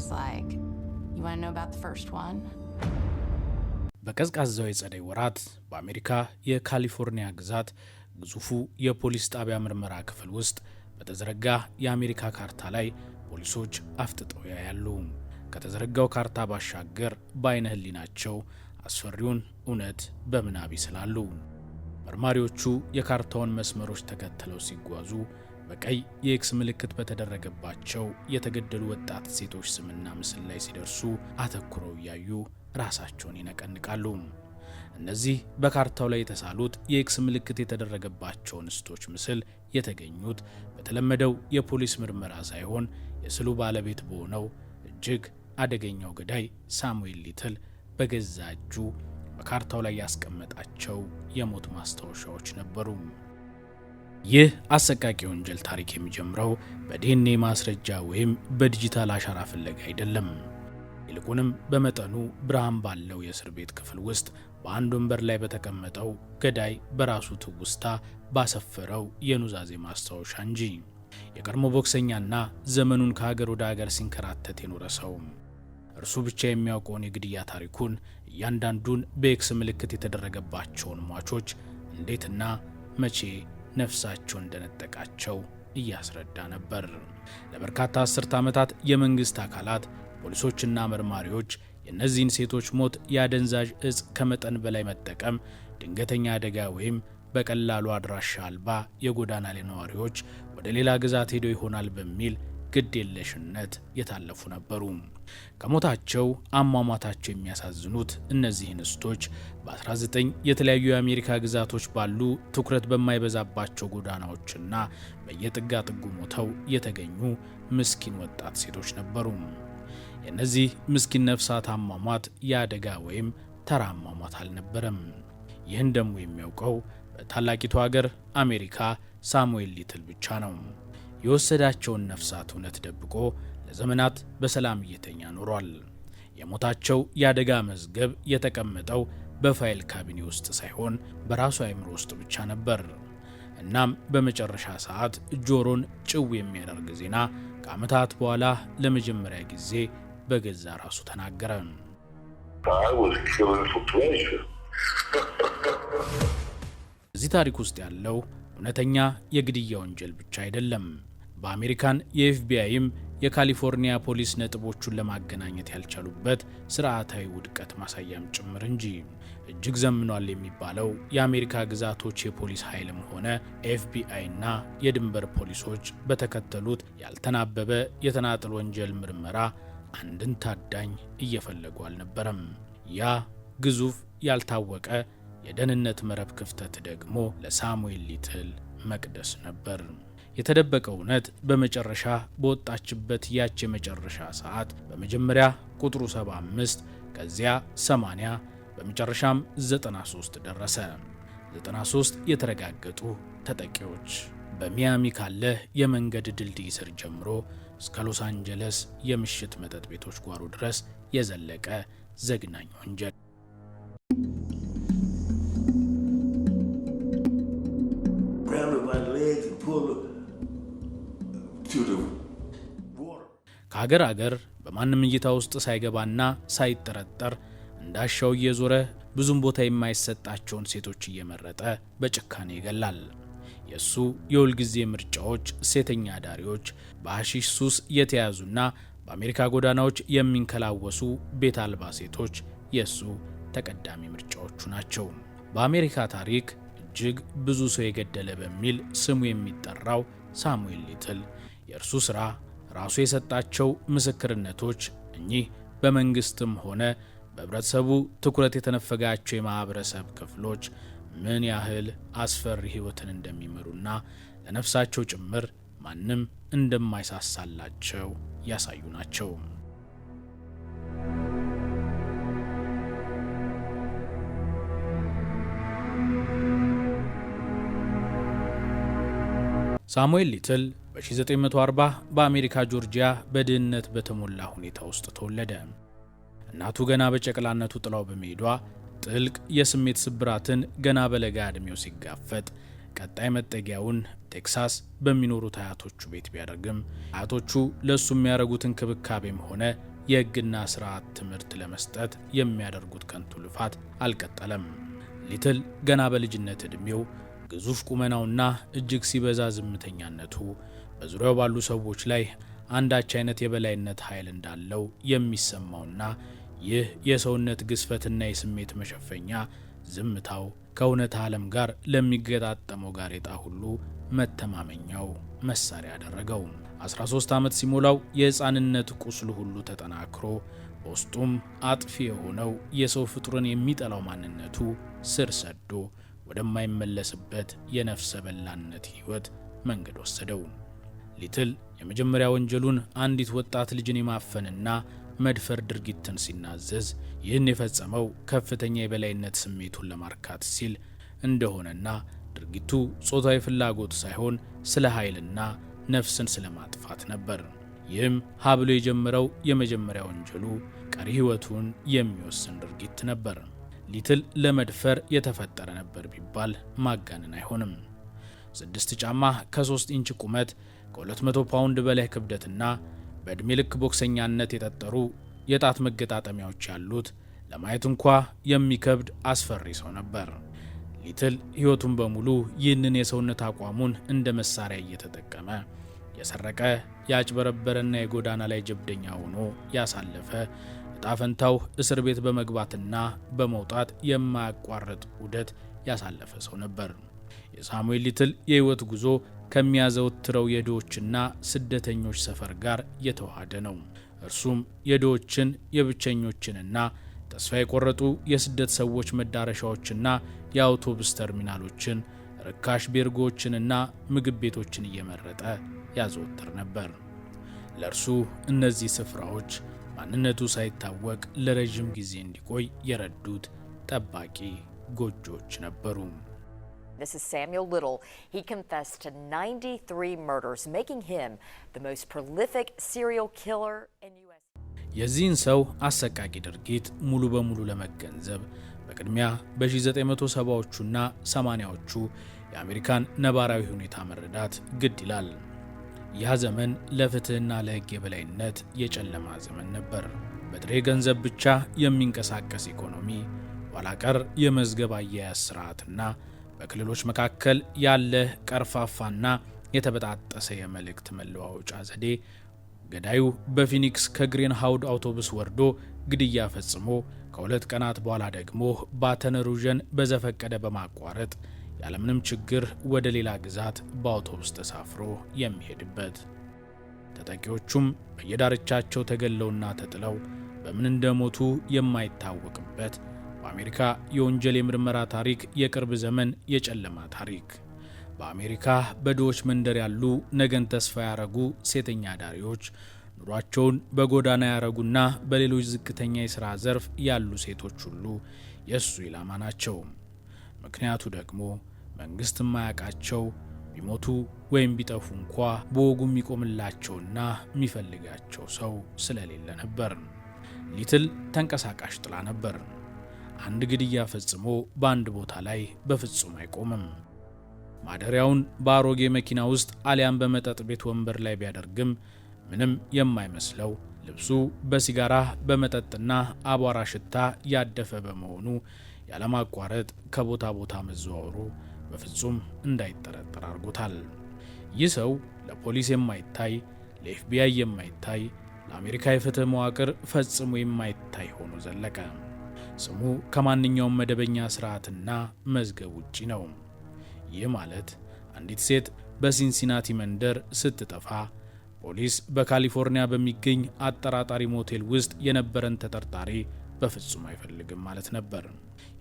was like, You want to know about the first one? በቀዝቃዛው የጸደይ ወራት በአሜሪካ የካሊፎርኒያ ግዛት ግዙፉ የፖሊስ ጣቢያ ምርመራ ክፍል ውስጥ በተዘረጋ የአሜሪካ ካርታ ላይ ፖሊሶች አፍጥጠው ያያሉ። ከተዘረጋው ካርታ ባሻገር በአይነ ህሊናቸው አስፈሪውን እውነት በምናብ ይስላሉ። መርማሪዎቹ የካርታውን መስመሮች ተከትለው ሲጓዙ በቀይ የኤክስ ምልክት በተደረገባቸው የተገደሉ ወጣት ሴቶች ስምና ምስል ላይ ሲደርሱ አተኩረው እያዩ ራሳቸውን ይነቀንቃሉ። እነዚህ በካርታው ላይ የተሳሉት የኤክስ ምልክት የተደረገባቸው እንስቶች ምስል የተገኙት በተለመደው የፖሊስ ምርመራ ሳይሆን የስዕሉ ባለቤት በሆነው እጅግ አደገኛው ገዳይ ሳሙኤል ሊትል በገዛ እጁ በካርታው ላይ ያስቀመጣቸው የሞት ማስታወሻዎች ነበሩ። ይህ አሰቃቂ ወንጀል ታሪክ የሚጀምረው በዲኤንኤ ማስረጃ ወይም በዲጂታል አሻራ ፍለጋ አይደለም። ይልቁንም በመጠኑ ብርሃን ባለው የእስር ቤት ክፍል ውስጥ በአንድ ወንበር ላይ በተቀመጠው ገዳይ በራሱ ትውስታ ባሰፈረው የኑዛዜ ማስታወሻ እንጂ የቀድሞ ቦክሰኛና ዘመኑን ከሀገር ወደ ሀገር ሲንከራተት የኖረ ሰው እርሱ ብቻ የሚያውቀውን የግድያ ታሪኩን፣ እያንዳንዱን በኤክስ ምልክት የተደረገባቸውን ሟቾች እንዴትና መቼ ነፍሳቸው እንደነጠቃቸው እያስረዳ ነበር። ለበርካታ አስርት ዓመታት የመንግሥት አካላት ፖሊሶችና መርማሪዎች የእነዚህን ሴቶች ሞት የአደንዛዥ እጽ ከመጠን በላይ መጠቀም፣ ድንገተኛ አደጋ ወይም በቀላሉ አድራሻ አልባ የጎዳና ላይ ነዋሪዎች ወደ ሌላ ግዛት ሄደው ይሆናል በሚል ግድ የለሽነት የታለፉ ነበሩ። ከሞታቸው አሟሟታቸው የሚያሳዝኑት እነዚህ እንስቶች በ19 የተለያዩ የአሜሪካ ግዛቶች ባሉ ትኩረት በማይበዛባቸው ጎዳናዎችና በየጥጋ ጥጉ ሞተው የተገኙ ምስኪን ወጣት ሴቶች ነበሩ። የእነዚህ ምስኪን ነፍሳት አሟሟት የአደጋ ወይም ተራ አሟሟት አልነበረም። ይህን ደግሞ የሚያውቀው በታላቂቱ ሀገር አሜሪካ ሳሙኤል ሊትል ብቻ ነው። የወሰዳቸውን ነፍሳት እውነት ደብቆ ለዘመናት በሰላም እየተኛ ኖሯል። የሞታቸው የአደጋ መዝገብ የተቀመጠው በፋይል ካቢኔ ውስጥ ሳይሆን በራሱ አይምሮ ውስጥ ብቻ ነበር። እናም በመጨረሻ ሰዓት ጆሮን ጭው የሚያደርግ ዜና ከዓመታት በኋላ ለመጀመሪያ ጊዜ በገዛ ራሱ ተናገረ። እዚህ ታሪክ ውስጥ ያለው እውነተኛ የግድያ ወንጀል ብቻ አይደለም። በአሜሪካን የኤፍቢአይም የካሊፎርኒያ ፖሊስ ነጥቦቹን ለማገናኘት ያልቻሉበት ስርዓታዊ ውድቀት ማሳያም ጭምር እንጂ እጅግ ዘምኗል የሚባለው የአሜሪካ ግዛቶች የፖሊስ ኃይልም ሆነ ኤፍቢአይና የድንበር ፖሊሶች በተከተሉት ያልተናበበ የተናጥል ወንጀል ምርመራ አንድን ታዳኝ እየፈለጉ አልነበረም። ያ ግዙፍ ያልታወቀ የደህንነት መረብ ክፍተት ደግሞ ለሳሙኤል ሊትል መቅደስ ነበር። የተደበቀ እውነት በመጨረሻ በወጣችበት ያች የመጨረሻ ሰዓት በመጀመሪያ ቁጥሩ 75 ከዚያ 80 በመጨረሻም 93 ደረሰ። 93 የተረጋገጡ ተጠቂዎች በሚያሚ ካለ የመንገድ ድልድይ ስር ጀምሮ እስከ ሎስ አንጀለስ የምሽት መጠጥ ቤቶች ጓሮ ድረስ የዘለቀ ዘግናኝ ወንጀል ከአገር አገር በማንም እይታ ውስጥ ሳይገባና ሳይጠረጠር እንዳሻው እየዞረ ብዙም ቦታ የማይሰጣቸውን ሴቶች እየመረጠ በጭካኔ ይገላል። የእሱ የሁልጊዜ ምርጫዎች ሴተኛ አዳሪዎች፣ በሐሺሽ ሱስ የተያዙና በአሜሪካ ጎዳናዎች የሚንከላወሱ ቤት አልባ ሴቶች የእሱ ተቀዳሚ ምርጫዎቹ ናቸው። በአሜሪካ ታሪክ እጅግ ብዙ ሰው የገደለ በሚል ስሙ የሚጠራው ሳሙኤል ሊትል የእርሱ ሥራ ራሱ የሰጣቸው ምስክርነቶች እኚህ በመንግስትም ሆነ በህብረተሰቡ ትኩረት የተነፈጋቸው የማህበረሰብ ክፍሎች ምን ያህል አስፈሪ ህይወትን እንደሚመሩና ለነፍሳቸው ጭምር ማንም እንደማይሳሳላቸው ያሳዩ ናቸው። ሳሙኤል ሊትል በ1940 በአሜሪካ ጆርጂያ በድህነት በተሞላ ሁኔታ ውስጥ ተወለደ። እናቱ ገና በጨቅላነቱ ጥላው በመሄዷ ጥልቅ የስሜት ስብራትን ገና በለጋ ዕድሜው ሲጋፈጥ ቀጣይ መጠጊያውን ቴክሳስ በሚኖሩት አያቶቹ ቤት ቢያደርግም አያቶቹ ለእሱ የሚያደርጉት እንክብካቤም ሆነ የሕግና ሥርዓት ትምህርት ለመስጠት የሚያደርጉት ከንቱ ልፋት አልቀጠለም። ሊትል ገና በልጅነት ዕድሜው ግዙፍ ቁመናውና እጅግ ሲበዛ ዝምተኛነቱ በዙሪያው ባሉ ሰዎች ላይ አንዳች አይነት የበላይነት ኃይል እንዳለው የሚሰማውና ይህ የሰውነት ግዝፈትና የስሜት መሸፈኛ ዝምታው ከእውነት ዓለም ጋር ለሚገጣጠመው ጋሬጣ ሁሉ መተማመኛው መሳሪያ አደረገው። 13 ዓመት ሲሞላው የሕፃንነት ቁስሉ ሁሉ ተጠናክሮ በውስጡም አጥፊ የሆነው የሰው ፍጡርን የሚጠላው ማንነቱ ስር ሰዶ ወደማይመለስበት የነፍሰ በላነት ሕይወት መንገድ ወሰደው። ሊትል የመጀመሪያ ወንጀሉን አንዲት ወጣት ልጅን የማፈንና መድፈር ድርጊትን ሲናዘዝ ይህን የፈጸመው ከፍተኛ የበላይነት ስሜቱን ለማርካት ሲል እንደሆነና ድርጊቱ ጾታዊ ፍላጎት ሳይሆን ስለ ኃይልና ነፍስን ስለ ማጥፋት ነበር። ይህም ሀብሎ የጀመረው የመጀመሪያ ወንጀሉ ቀሪ ሕይወቱን የሚወስን ድርጊት ነበር። ሊትል ለመድፈር የተፈጠረ ነበር ቢባል ማጋነን አይሆንም። ስድስት ጫማ ከሶስት ኢንች ቁመት ከ200 ፓውንድ በላይ ክብደትና በዕድሜ ልክ ቦክሰኛነት የጠጠሩ የጣት መገጣጠሚያዎች ያሉት ለማየት እንኳ የሚከብድ አስፈሪ ሰው ነበር። ሊትል ሕይወቱን በሙሉ ይህንን የሰውነት አቋሙን እንደ መሳሪያ እየተጠቀመ የሰረቀ ያጭበረበረና የጎዳና ላይ ጀብደኛ ሆኖ ያሳለፈ እጣፈንታው እስር ቤት በመግባትና በመውጣት የማያቋርጥ ውደት ያሳለፈ ሰው ነበር። የሳሙኤል ሊትል የሕይወት ጉዞ ከሚያዘወትረው የድሆችና ስደተኞች ሰፈር ጋር የተዋሃደ ነው። እርሱም የድሆችን የብቸኞችንና ተስፋ የቆረጡ የስደት ሰዎች መዳረሻዎችና የአውቶቡስ ተርሚናሎችን፣ ርካሽ ቤርጎዎችንና ምግብ ቤቶችን እየመረጠ ያዘወትር ነበር። ለእርሱ እነዚህ ስፍራዎች ማንነቱ ሳይታወቅ ለረዥም ጊዜ እንዲቆይ የረዱት ጠባቂ ጎጆዎች ነበሩ። This is Samuel Little. He confessed to 93 murders, making him the most prolific serial killer in U.S. የዚህን ሰው አሰቃቂ ድርጊት ሙሉ በሙሉ ለመገንዘብ በቅድሚያ በ1970ዎቹና 80ዎቹ የአሜሪካን ነባራዊ ሁኔታ መረዳት ግድ ይላል። ያ ዘመን ለፍትህና ለሕግ የበላይነት የጨለማ ዘመን ነበር። በጥሬ ገንዘብ ብቻ የሚንቀሳቀስ ኢኮኖሚ፣ ኋላቀር የመዝገብ አያያዝ ስርዓትና በክልሎች መካከል ያለ ቀርፋፋና የተበጣጠሰ የመልእክት መለዋወጫ ዘዴ ገዳዩ በፊኒክስ ከግሪን ሃውድ አውቶቡስ ወርዶ ግድያ ፈጽሞ ከሁለት ቀናት በኋላ ደግሞ ባተን ሩዥን በዘፈቀደ በማቋረጥ ያለምንም ችግር ወደ ሌላ ግዛት በአውቶቡስ ተሳፍሮ የሚሄድበት፣ ተጠቂዎቹም በየዳርቻቸው ተገለውና ተጥለው በምን እንደሞቱ የማይታወቅበት በአሜሪካ የወንጀል የምርመራ ታሪክ የቅርብ ዘመን የጨለማ ታሪክ። በአሜሪካ በድሆች መንደር ያሉ ነገን ተስፋ ያረጉ ሴተኛ አዳሪዎች ኑሯቸውን በጎዳና ያረጉና በሌሎች ዝቅተኛ የሥራ ዘርፍ ያሉ ሴቶች ሁሉ የእሱ ኢላማ ናቸው። ምክንያቱ ደግሞ መንግሥት የማያውቃቸው ቢሞቱ ወይም ቢጠፉ እንኳ በወጉ የሚቆምላቸውና የሚፈልጋቸው ሰው ስለሌለ ነበር። ሊትል ተንቀሳቃሽ ጥላ ነበር። አንድ ግድያ ፈጽሞ በአንድ ቦታ ላይ በፍጹም አይቆምም። ማደሪያውን በአሮጌ መኪና ውስጥ አሊያም በመጠጥ ቤት ወንበር ላይ ቢያደርግም ምንም የማይመስለው ልብሱ በሲጋራ በመጠጥና አቧራ ሽታ ያደፈ በመሆኑ ያለማቋረጥ ከቦታ ቦታ መዘዋወሩ በፍጹም እንዳይጠረጠር አድርጎታል። ይህ ሰው ለፖሊስ የማይታይ ለኤፍቢአይ የማይታይ ለአሜሪካ የፍትህ መዋቅር ፈጽሞ የማይታይ ሆኖ ዘለቀ። ስሙ ከማንኛውም መደበኛ ስርዓትና መዝገብ ውጪ ነው። ይህ ማለት አንዲት ሴት በሲንሲናቲ መንደር ስትጠፋ ፖሊስ በካሊፎርኒያ በሚገኝ አጠራጣሪ ሞቴል ውስጥ የነበረን ተጠርጣሪ በፍጹም አይፈልግም ማለት ነበር።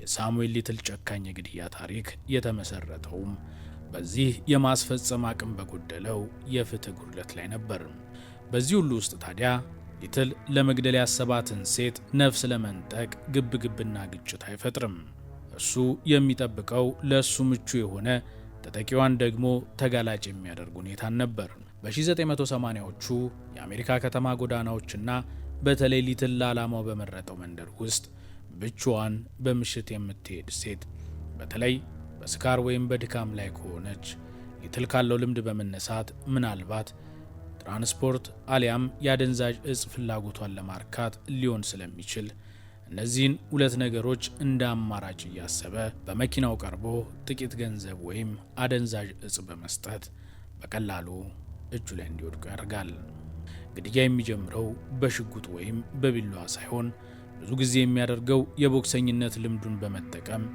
የሳሙኤል ሊትል ጨካኝ የግድያ ታሪክ የተመሰረተውም በዚህ የማስፈጸም አቅም በጎደለው የፍትህ ጉድለት ላይ ነበር። በዚህ ሁሉ ውስጥ ታዲያ ሊትል ለመግደል ያሰባትን ሴት ነፍስ ለመንጠቅ ግብግብና ግጭት አይፈጥርም። እሱ የሚጠብቀው ለእሱ ምቹ የሆነ ተጠቂዋን ደግሞ ተጋላጭ የሚያደርግ ሁኔታን ነበር። በ1980ዎቹ የአሜሪካ ከተማ ጎዳናዎችና በተለይ ሊትል ለዓላማው በመረጠው መንደር ውስጥ ብቻዋን በምሽት የምትሄድ ሴት በተለይ በስካር ወይም በድካም ላይ ከሆነች ሊትል ካለው ልምድ በመነሳት ምናልባት ትራንስፖርት አሊያም የአደንዛዥ እጽ ፍላጎቷን ለማርካት ሊሆን ስለሚችል እነዚህን ሁለት ነገሮች እንደ አማራጭ እያሰበ በመኪናው ቀርቦ ጥቂት ገንዘብ ወይም አደንዛዥ እጽ በመስጠት በቀላሉ እጁ ላይ እንዲወድቁ ያደርጋል። ግድያ የሚጀምረው በሽጉጥ ወይም በቢላዋ ሳይሆን ብዙ ጊዜ የሚያደርገው የቦክሰኝነት ልምዱን በመጠቀም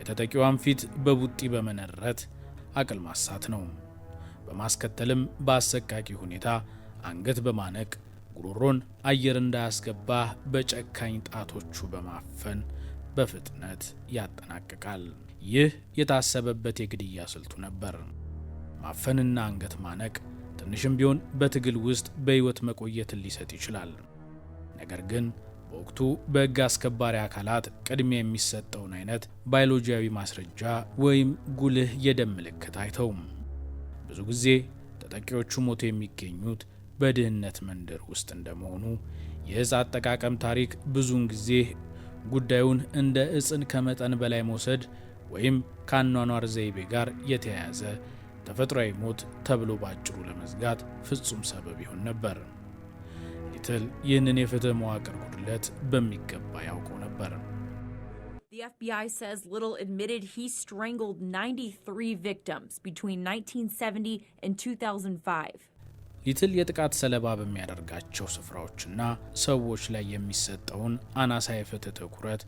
የተጠቂዋን ፊት በቡጢ በመነረት አቅል ማሳት ነው። በማስከተልም በአሰቃቂ ሁኔታ አንገት በማነቅ ጉሮሮን አየር እንዳያስገባ በጨካኝ ጣቶቹ በማፈን በፍጥነት ያጠናቅቃል። ይህ የታሰበበት የግድያ ስልቱ ነበር። ማፈንና አንገት ማነቅ ትንሽም ቢሆን በትግል ውስጥ በሕይወት መቆየትን ሊሰጥ ይችላል። ነገር ግን በወቅቱ በሕግ አስከባሪ አካላት ቅድሚያ የሚሰጠውን አይነት ባዮሎጂያዊ ማስረጃ ወይም ጉልህ የደም ምልክት አይተውም። ብዙ ጊዜ ተጠቂዎቹ ሞት የሚገኙት በድህነት መንደር ውስጥ እንደመሆኑ የእጽ አጠቃቀም ታሪክ ብዙውን ጊዜ ጉዳዩን እንደ እጽን ከመጠን በላይ መውሰድ ወይም ከአኗኗር ዘይቤ ጋር የተያያዘ ተፈጥሯዊ ሞት ተብሎ በአጭሩ ለመዝጋት ፍጹም ሰበብ ይሆን ነበር። ሊትል ይህንን የፍትህ መዋቅር ጉድለት በሚገባ ያውቀው ነበር። The FBI says Little admitted he strangled 93 victims between 1970 and 2005. ሊትል የጥቃት ሰለባ በሚያደርጋቸው ስፍራዎችና ሰዎች ላይ የሚሰጠውን አናሳ የፍትህ ትኩረት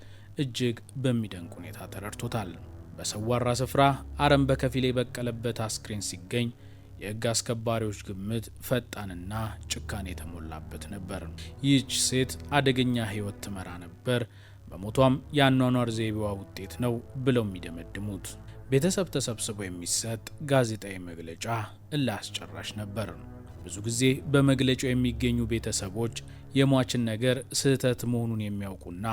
እጅግ በሚደንቅ ሁኔታ ተረድቶታል። በሰዋራ ስፍራ አረም በከፊል የበቀለበት አስክሬን ሲገኝ የህግ አስከባሪዎች ግምት ፈጣንና ጭካኔ የተሞላበት ነበር። ይህች ሴት አደገኛ ህይወት ትመራ ነበር። በሞቷም የአኗኗር ዘይቤዋ ውጤት ነው ብለው የሚደመድሙት ቤተሰብ ተሰብስቦ የሚሰጥ ጋዜጣዊ መግለጫ እልህ አስጨራሽ ነበር። ብዙ ጊዜ በመግለጫው የሚገኙ ቤተሰቦች የሟችን ነገር ስህተት መሆኑን የሚያውቁና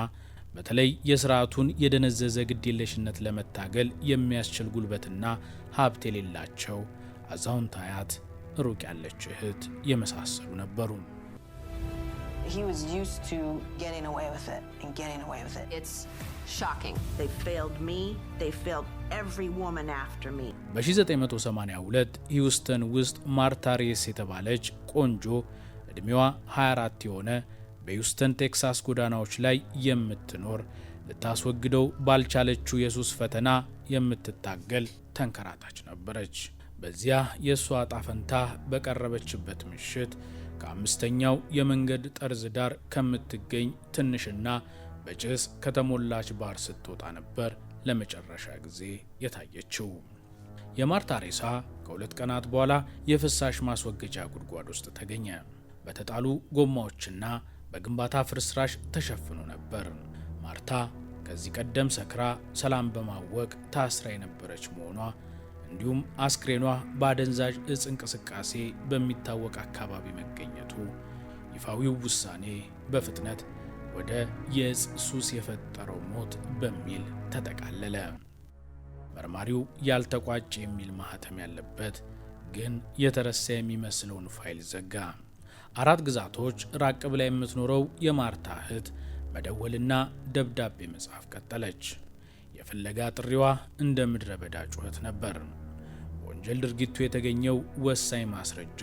በተለይ የስርዓቱን የደነዘዘ ግዴለሽነት ለመታገል የሚያስችል ጉልበትና ሀብት የሌላቸው አዛውንት አያት፣ ሩቅ ያለች እህት የመሳሰሉ ነበሩ። He was used to getting away with it and getting away with it. It's shocking. They failed me. They failed every woman after me. በ1982 ሂውስተን ውስጥ ማርታ ሬስ የተባለች ቆንጆ ዕድሜዋ 24 የሆነ በሂውስተን ቴክሳስ ጎዳናዎች ላይ የምትኖር ልታስወግደው ባልቻለችው የሱስ ፈተና የምትታገል ተንከራታች ነበረች። በዚያ የእሷ እጣ ፈንታ በቀረበችበት ምሽት ከአምስተኛው የመንገድ ጠርዝ ዳር ከምትገኝ ትንሽና በጭስ ከተሞላች ባር ስትወጣ ነበር ለመጨረሻ ጊዜ የታየችው። የማርታ ሬሳ ከሁለት ቀናት በኋላ የፍሳሽ ማስወገጃ ጉድጓድ ውስጥ ተገኘ። በተጣሉ ጎማዎችና በግንባታ ፍርስራሽ ተሸፍኖ ነበር። ማርታ ከዚህ ቀደም ሰክራ ሰላም በማወቅ ታስራ የነበረች መሆኗ እንዲሁም አስክሬኗ በአደንዛዥ እጽ እንቅስቃሴ በሚታወቅ አካባቢ መገኘቱ ይፋዊው ውሳኔ በፍጥነት ወደ የእጽ ሱስ የፈጠረው ሞት በሚል ተጠቃለለ። መርማሪው ያልተቋጭ የሚል ማህተም ያለበት ግን የተረሳ የሚመስለውን ፋይል ዘጋ። አራት ግዛቶች ራቅ ብላ የምትኖረው የማርታ እህት መደወልና ደብዳቤ መጻፍ ቀጠለች። የፍለጋ ጥሪዋ እንደ ምድረ በዳ ጩኸት ነበር። የወንጀል ድርጊቱ የተገኘው ወሳኝ ማስረጃ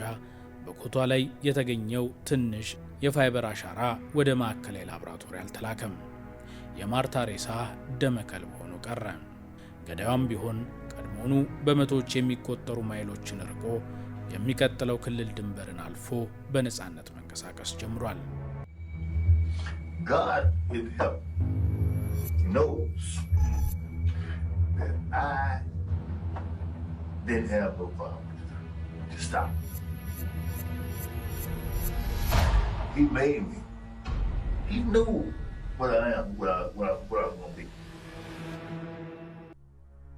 በኮቷ ላይ የተገኘው ትንሽ የፋይበር አሻራ ወደ ማዕከላዊ ላብራቶሪ አልተላከም። የማርታ ሬሳ ደመከልብ ሆኖ ቀረ። ገዳዩም ቢሆን ቀድሞኑ በመቶዎች የሚቆጠሩ ማይሎችን ርቆ የሚቀጥለው ክልል ድንበርን አልፎ በነፃነት መንቀሳቀስ ጀምሯል። God in heaven knows that I didn't have no problem with it. Just stop. He made me. He knew what I am, what I, what I, what I was going to be.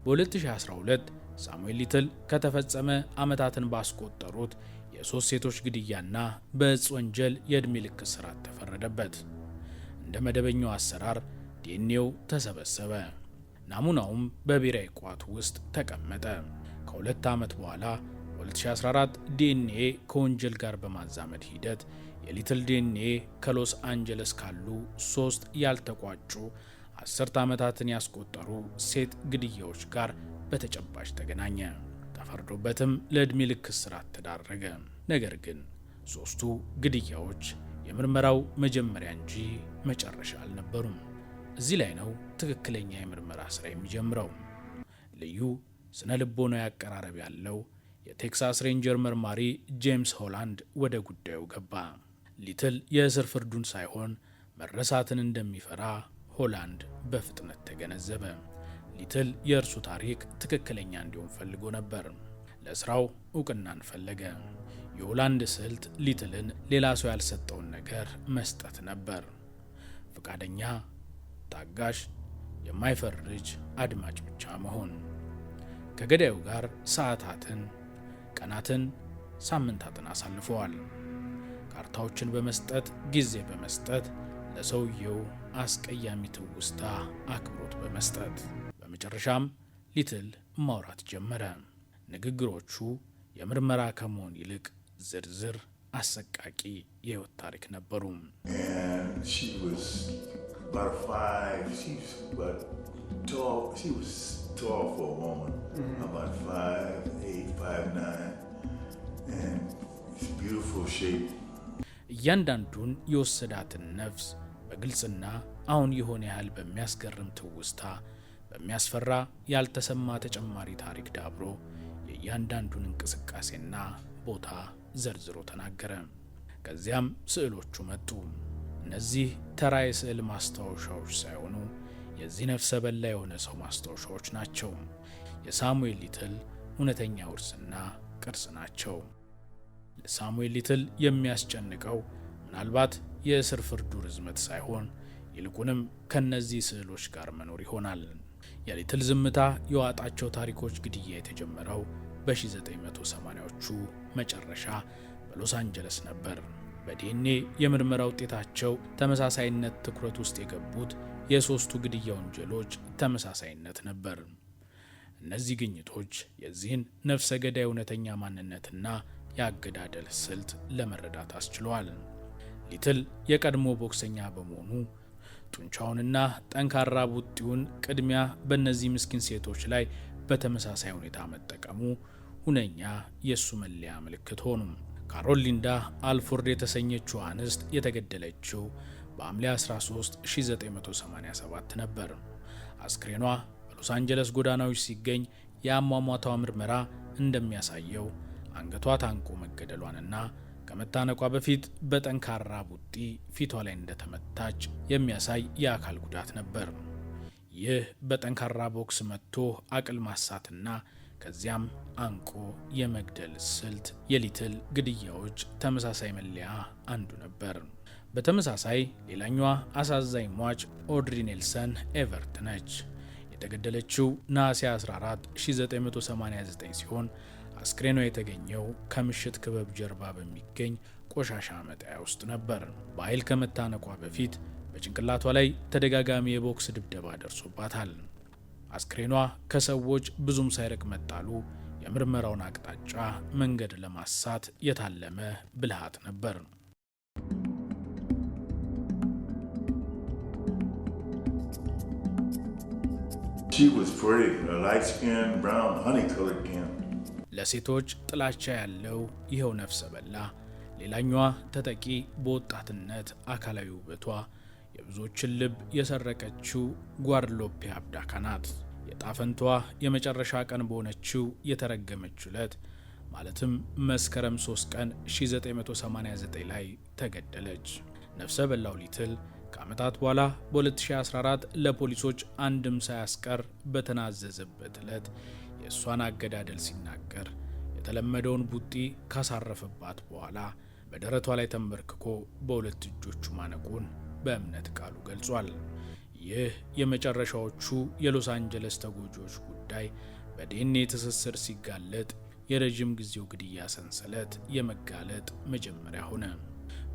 በ2012 ሳሙኤል ሊትል ከተፈጸመ ዓመታትን ባስቆጠሩት የሶስት ሴቶች ግድያና በእጽ ወንጀል የዕድሜ ልክ እስራት ተፈረደበት። እንደ መደበኛው አሰራር ዲኤንኤው ተሰበሰበ፣ ናሙናውም በብሔራዊ ቋት ውስጥ ተቀመጠ። ከሁለት ዓመት በኋላ በ2014 ዲኤንኤ ከወንጀል ጋር በማዛመድ ሂደት የሊትል ዲኤንኤ ከሎስ አንጀለስ ካሉ ሶስት ያልተቋጩ አስርት ዓመታትን ያስቆጠሩ ሴት ግድያዎች ጋር በተጨባጭ ተገናኘ። ተፈርዶበትም ለዕድሜ ልክ እስራት ተዳረገ። ነገር ግን ሦስቱ ግድያዎች የምርመራው መጀመሪያ እንጂ መጨረሻ አልነበሩም። እዚህ ላይ ነው ትክክለኛ የምርመራ ሥራ የሚጀምረው። ልዩ ስነ ልቦናዊ ያቀራረብ ያለው የቴክሳስ ሬንጀር መርማሪ ጄምስ ሆላንድ ወደ ጉዳዩ ገባ። ሊትል የእስር ፍርዱን ሳይሆን መረሳትን እንደሚፈራ ሆላንድ በፍጥነት ተገነዘበ። ሊትል የእርሱ ታሪክ ትክክለኛ እንዲሆን ፈልጎ ነበር። ለስራው እውቅናን ፈለገ። የሆላንድ ስልት ሊትልን ሌላ ሰው ያልሰጠውን ነገር መስጠት ነበር። ፈቃደኛ፣ ታጋሽ፣ የማይፈርጅ አድማጭ ብቻ መሆን ከገዳዩ ጋር ሰዓታትን፣ ቀናትን፣ ሳምንታትን አሳልፈዋል። ካርታዎችን በመስጠት ጊዜ በመስጠት ለሰውየው አስቀያሚ ትውስታ አክብሮት በመስጠት በመጨረሻም ሊትል ማውራት ጀመረ። ንግግሮቹ የምርመራ ከመሆን ይልቅ ዝርዝር አሰቃቂ የህይወት ታሪክ ነበሩ። She was She was tall. She was tall for a woman. Mm-hmm. About five eight, five nine, and it's beautiful shape. እያንዳንዱን የወሰዳትን ነፍስ በግልጽና አሁን የሆነ ያህል በሚያስገርም ትውስታ በሚያስፈራ ያልተሰማ ተጨማሪ ታሪክ ዳብሮ የእያንዳንዱን እንቅስቃሴና ቦታ ዘርዝሮ ተናገረ። ከዚያም ስዕሎቹ መጡ። እነዚህ ተራ የስዕል ማስታወሻዎች ሳይሆኑ የዚህ ነፍሰ በላ የሆነ ሰው ማስታወሻዎች ናቸው። የሳሙኤል ሊትል እውነተኛ ውርስና ቅርስ ናቸው። ለሳሙኤል ሊትል የሚያስጨንቀው ምናልባት የእስር ፍርዱ ርዝመት ሳይሆን ይልቁንም ከነዚህ ስዕሎች ጋር መኖር ይሆናል። የሊትል ዝምታ የዋጣቸው ታሪኮች ግድያ የተጀመረው በ1980ዎቹ መጨረሻ በሎስ አንጀለስ ነበር። በዲኤንኤ የምርመራ ውጤታቸው ተመሳሳይነት ትኩረት ውስጥ የገቡት የሦስቱ ግድያ ወንጀሎች ተመሳሳይነት ነበር። እነዚህ ግኝቶች የዚህን ነፍሰ ገዳይ እውነተኛ ማንነትና የአገዳደል ስልት ለመረዳት አስችለዋል። ሊትል የቀድሞ ቦክሰኛ በመሆኑ ጡንቻውንና ጠንካራ ቡጢውን ቅድሚያ በእነዚህ ምስኪን ሴቶች ላይ በተመሳሳይ ሁኔታ መጠቀሙ ሁነኛ የእሱ መለያ ምልክት ሆኑ። ካሮል ሊንዳ አልፎርድ የተሰኘችው አንስት የተገደለችው በሐምሌ 13 1987 ነበር። አስክሬኗ በሎስ አንጀለስ ጎዳናዎች ሲገኝ የአሟሟቷ ምርመራ እንደሚያሳየው አንገቷ ታንቆ መገደሏንና ከመታነቋ በፊት በጠንካራ ቡጢ ፊቷ ላይ እንደተመታች የሚያሳይ የአካል ጉዳት ነበር። ይህ በጠንካራ ቦክስ መጥቶ አቅል ማሳትና ከዚያም አንቆ የመግደል ስልት የሊትል ግድያዎች ተመሳሳይ መለያ አንዱ ነበር። በተመሳሳይ ሌላኛዋ አሳዛኝ ሟች ኦድሪ ኔልሰን ኤቨርት ነች። የተገደለችው ነሐሴ 14 1989 ሲሆን አስክሬኗ የተገኘው ከምሽት ክበብ ጀርባ በሚገኝ ቆሻሻ መጣያ ውስጥ ነበር። በኃይል ከመታነቋ በፊት በጭንቅላቷ ላይ ተደጋጋሚ የቦክስ ድብደባ ደርሶባታል። አስክሬኗ ከሰዎች ብዙም ሳይርቅ መጣሉ የምርመራውን አቅጣጫ መንገድ ለማሳት የታለመ ብልሃት ነበር። she was pretty, a light skinned, brown, honey colored ለሴቶች ጥላቻ ያለው ይኸው ነፍሰ በላ ሌላኛዋ ተጠቂ በወጣትነት አካላዊ ውበቷ የብዙዎችን ልብ የሰረቀችው ጓርሎፒ አብዳካ ናት። የጣፈንቷ የመጨረሻ ቀን በሆነችው የተረገመች ዕለት ማለትም መስከረም 3 ቀን 1989 ላይ ተገደለች። ነፍሰ በላው ሊትል ከዓመታት በኋላ በ2014 ለፖሊሶች አንድም ሳያስቀር በተናዘዘበት ዕለት የእሷን አገዳደል ሲናገር የተለመደውን ቡጢ ካሳረፈባት በኋላ በደረቷ ላይ ተንበርክኮ በሁለት እጆቹ ማነቁን በእምነት ቃሉ ገልጿል። ይህ የመጨረሻዎቹ የሎስ አንጀለስ ተጎጂዎች ጉዳይ በዲኤንኤ ትስስር ሲጋለጥ የረዥም ጊዜው ግድያ ሰንሰለት የመጋለጥ መጀመሪያ ሆነ።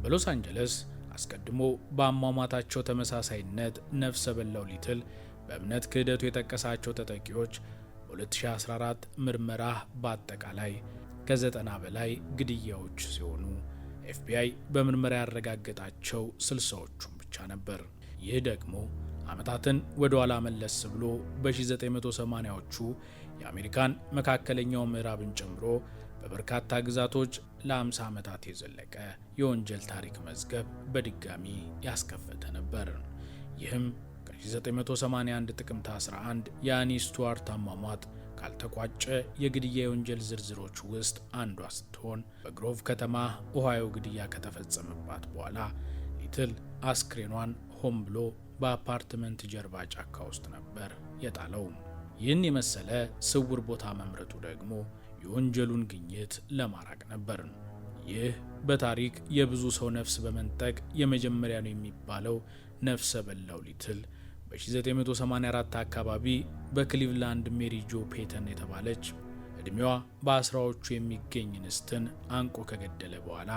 በሎስ አንጀለስ አስቀድሞ በአሟሟታቸው ተመሳሳይነት ነፍሰ በላው ሊትል በእምነት ክህደቱ የጠቀሳቸው ተጠቂዎች በ2014 ምርመራ በአጠቃላይ ከዘጠና በላይ ግድያዎች ሲሆኑ ኤፍቢአይ በምርመራ ያረጋገጣቸው ስልሳዎቹን ብቻ ነበር። ይህ ደግሞ ዓመታትን ወደ ኋላ መለስ ብሎ በ1980ዎቹ የአሜሪካን መካከለኛው ምዕራብን ጨምሮ በበርካታ ግዛቶች ለ50 ዓመታት የዘለቀ የወንጀል ታሪክ መዝገብ በድጋሚ ያስከፈተ ነበር። ይህም ከ1981 ጥቅምት 11 የአኒ ስቱዋርት አሟሟት ካልተቋጨ የግድያ የወንጀል ዝርዝሮች ውስጥ አንዷ ስትሆን በግሮቭ ከተማ ኦሃዮ ግድያ ከተፈጸመባት በኋላ ሊትል አስክሬኗን ሆም ብሎ በአፓርትመንት ጀርባ ጫካ ውስጥ ነበር የጣለው። ይህን የመሰለ ስውር ቦታ መምረጡ ደግሞ የወንጀሉን ግኝት ለማራቅ ነበር። ይህ በታሪክ የብዙ ሰው ነፍስ በመንጠቅ የመጀመሪያ ነው የሚባለው ነፍሰ በላው ሊትል በ1984 አካባቢ በክሊቭላንድ ሜሪ ጆ ፔተን የተባለች ዕድሜዋ በአስራዎቹ የሚገኝ ንስትን አንቆ ከገደለ በኋላ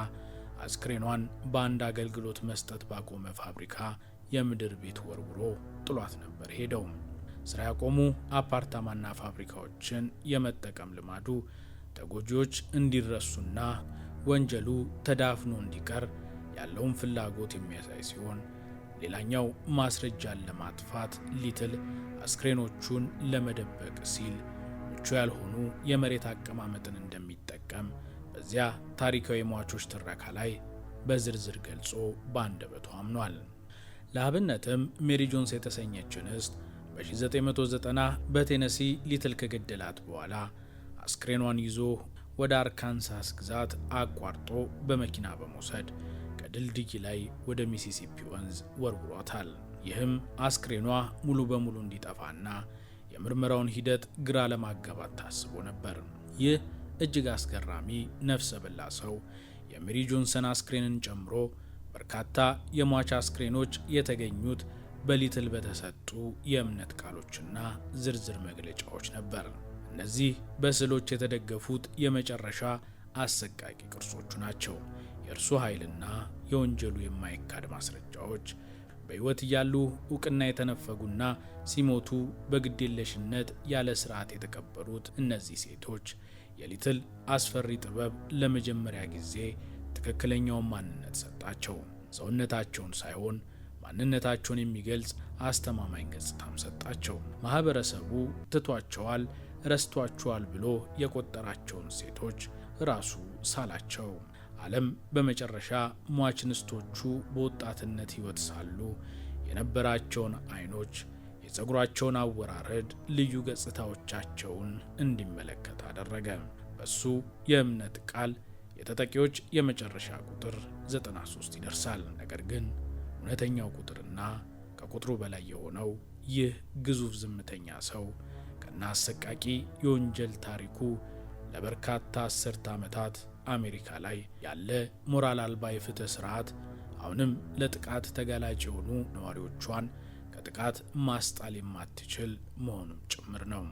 አስክሬኗን በአንድ አገልግሎት መስጠት ባቆመ ፋብሪካ የምድር ቤት ወርውሮ ጥሏት ነበር ሄደውም። ስራ ያቆሙ አፓርታማና ፋብሪካዎችን የመጠቀም ልማዱ ተጎጂዎች እንዲረሱና ወንጀሉ ተዳፍኖ እንዲቀር ያለውን ፍላጎት የሚያሳይ ሲሆን ሌላኛው ማስረጃን ለማጥፋት ሊትል አስክሬኖቹን ለመደበቅ ሲል ምቹ ያልሆኑ የመሬት አቀማመጥን እንደሚጠቀም በዚያ ታሪካዊ ሟቾች ትረካ ላይ በዝርዝር ገልጾ በአንደበቱ አምኗል። ለአብነትም ሜሪ ጆንስ የተሰኘች እንስት በ1990 በቴነሲ ሊትል ከገደላት በኋላ አስክሬኗን ይዞ ወደ አርካንሳስ ግዛት አቋርጦ በመኪና በመውሰድ ከድልድይ ላይ ወደ ሚሲሲፒ ወንዝ ወርውሯታል። ይህም አስክሬኗ ሙሉ በሙሉ እንዲጠፋና የምርመራውን ሂደት ግራ ለማጋባት ታስቦ ነበር። ይህ እጅግ አስገራሚ ነፍሰ በላ ሰው የሜሪ ጆንሰን አስክሬንን ጨምሮ በርካታ የሟች አስክሬኖች የተገኙት በሊትል በተሰጡ የእምነት ቃሎችና ዝርዝር መግለጫዎች ነበር። እነዚህ በስዕሎች የተደገፉት የመጨረሻ አሰቃቂ ቅርሶቹ ናቸው። የእርሱ ኃይልና የወንጀሉ የማይካድ ማስረጃዎች በሕይወት እያሉ እውቅና የተነፈጉና ሲሞቱ በግዴለሽነት ያለ ሥርዓት የተቀበሩት እነዚህ ሴቶች የሊትል አስፈሪ ጥበብ ለመጀመሪያ ጊዜ ትክክለኛውን ማንነት ሰጣቸው። ሰውነታቸውን ሳይሆን ማንነታቸውን የሚገልጽ አስተማማኝ ገጽታም ሰጣቸው። ማህበረሰቡ ትቷቸዋል፣ ረስቷቸዋል ብሎ የቆጠራቸውን ሴቶች ራሱ ሳላቸው። ዓለም በመጨረሻ ሟች ንስቶቹ በወጣትነት ሕይወት ሳሉ የነበራቸውን አይኖች የፀጉራቸውን አወራረድ ልዩ ገጽታዎቻቸውን እንዲመለከት አደረገ። በሱ የእምነት ቃል የተጠቂዎች የመጨረሻ ቁጥር 93 ይደርሳል። ነገር ግን እውነተኛው ቁጥርና ከቁጥሩ በላይ የሆነው ይህ ግዙፍ ዝምተኛ ሰው ከና አሰቃቂ የወንጀል ታሪኩ ለበርካታ አስርተ ዓመታት አሜሪካ ላይ ያለ ሞራል አልባ የፍትህ ስርዓት አሁንም ለጥቃት ተጋላጭ የሆኑ ነዋሪዎቿን ከጥቃት ማስጣል የማትችል መሆኑም ጭምር ነው።